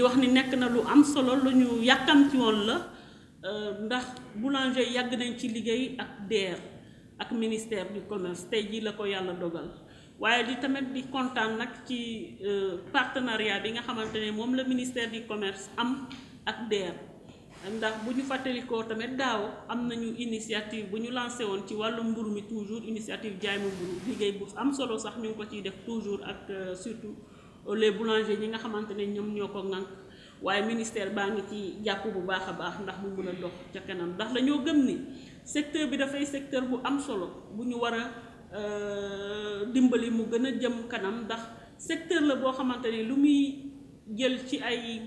di wax ni nekk na lu am solo lu ñu yàkkamti woon la euh, ndax boulanger yàgg nañ ci liggéey ak DER ak ministère du commerce tey jii la ko yàlla dogal waaye di tamit di kontaan nag ci euh, partenariat bi nga xamante ne moom la ministère du commerce am ak DER ndax bu ñu fàttalikoo tamit daaw am nañu initiative bu ñu lancé woon ci wàllu mburu mi toujours initiative jaay ma mburu liggéey bu am solo sax ñu ngi ko ciy def toujours ak euh, surtout le boulangers ñi nga xamante ne ñoom ñoo ko ŋànk waaye ministère baa ngi ci jàpp bu baax a baax ndax mu mën a dox ca kanam ndax dañoo gëm ni secteur bi dafay secteur bu am solo bu ñu war a euh, dimbali mu gën a jëm kanam ndax secteur la boo xamante ne lu muy jël ci ay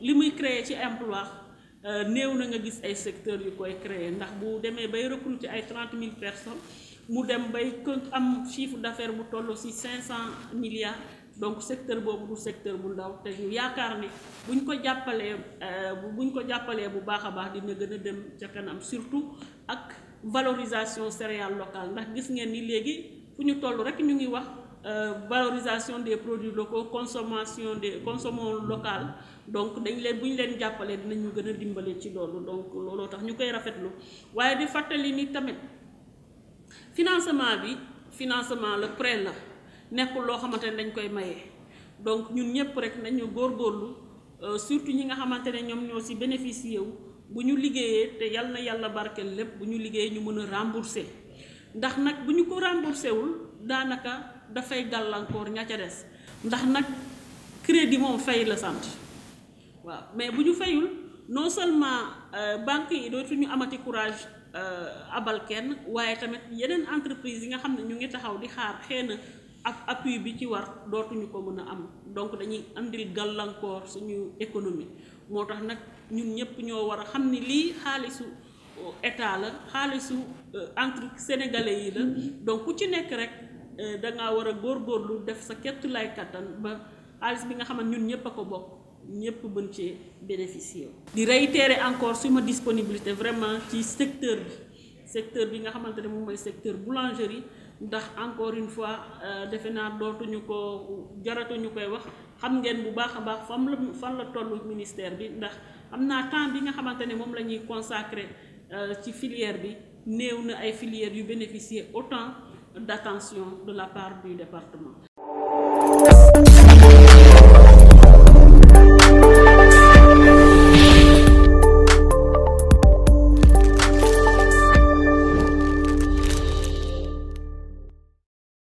li muy créer ci emploi euh, néew na nga gis ay secteur yu koy créer ndax bu demee bay ci ay trente mille personnes mu dem bay am chiffre d'affaires bu toll ci cinq cent milliards donc secteur boobu du secteur bu ndaw te ñu yaakaar ni buñ ko jàppalee euh, buñ ko jàppalee bu baax a baax dina gën a dem ca kanam surtout ak valorisation céréales locales ndax gis ngeen ni léegi fu ñu toll rek ñu ngi wax euh, valorisation des produits locaux consommation des consommation locale donc dañ leen bu ñu leen jàppalee dinañu gën a dimbale ci loolu donc looloo tax ñu koy rafetlu waaye di fàttali ni tamit financement bi financement la prêt la nekkul loo xamante ne dañ koy mayee donc ñun ñëpp rek nañu góorgóorlu euh, surtout ñi nga xamante ne ñoom ñoo ci bénéficier wu bu ñu liggéeyee te yal na yàlla barkeel lépp bu ñu liggéeyee ñu mën a rembourser ndax nag bu ñu ko remboursé wul daanaka dafay gàllankoor ña ca des ndax nag crédit moom fay la sant waaw mais bu ñu fayul non seulement euh, banque yi dootuñu amati courage euh, abal kenn waaye tamit yeneen entreprise yi nga xam ne ñu ngi taxaw di xaar xëy ak appui bi ci war dootuñu ko mën a am donc dañuy andil gàllankoor suñu économie moo tax nag ñun ñëpp ñoo war a xam ni lii xaalisu euh, état la xaalisu euh, entre sénégalais yi la donc ku ci nekk rek euh, dangaa war a góor góor lu def sa kettu lay kattan ba xaalis bi nga xamante ñun ñëpp a ko bokk ñëpp bën cee bénéficier di réitérer encore suma disponibilité vraiment ci secteur bi secteur bi nga xamante ne moom mooy secteur boulangerie ndax encore une fois euh, defe naa dootuñu ko jaratuñu koy wax xam ngeen bu baax a baax fan la fan la tollu ministère bi ndax am naa temps bi nga xamante ne moom lañuy ñuy consacré euh, ci filière bi néew na ay filières yu bénéficier autant d' attention de la part du département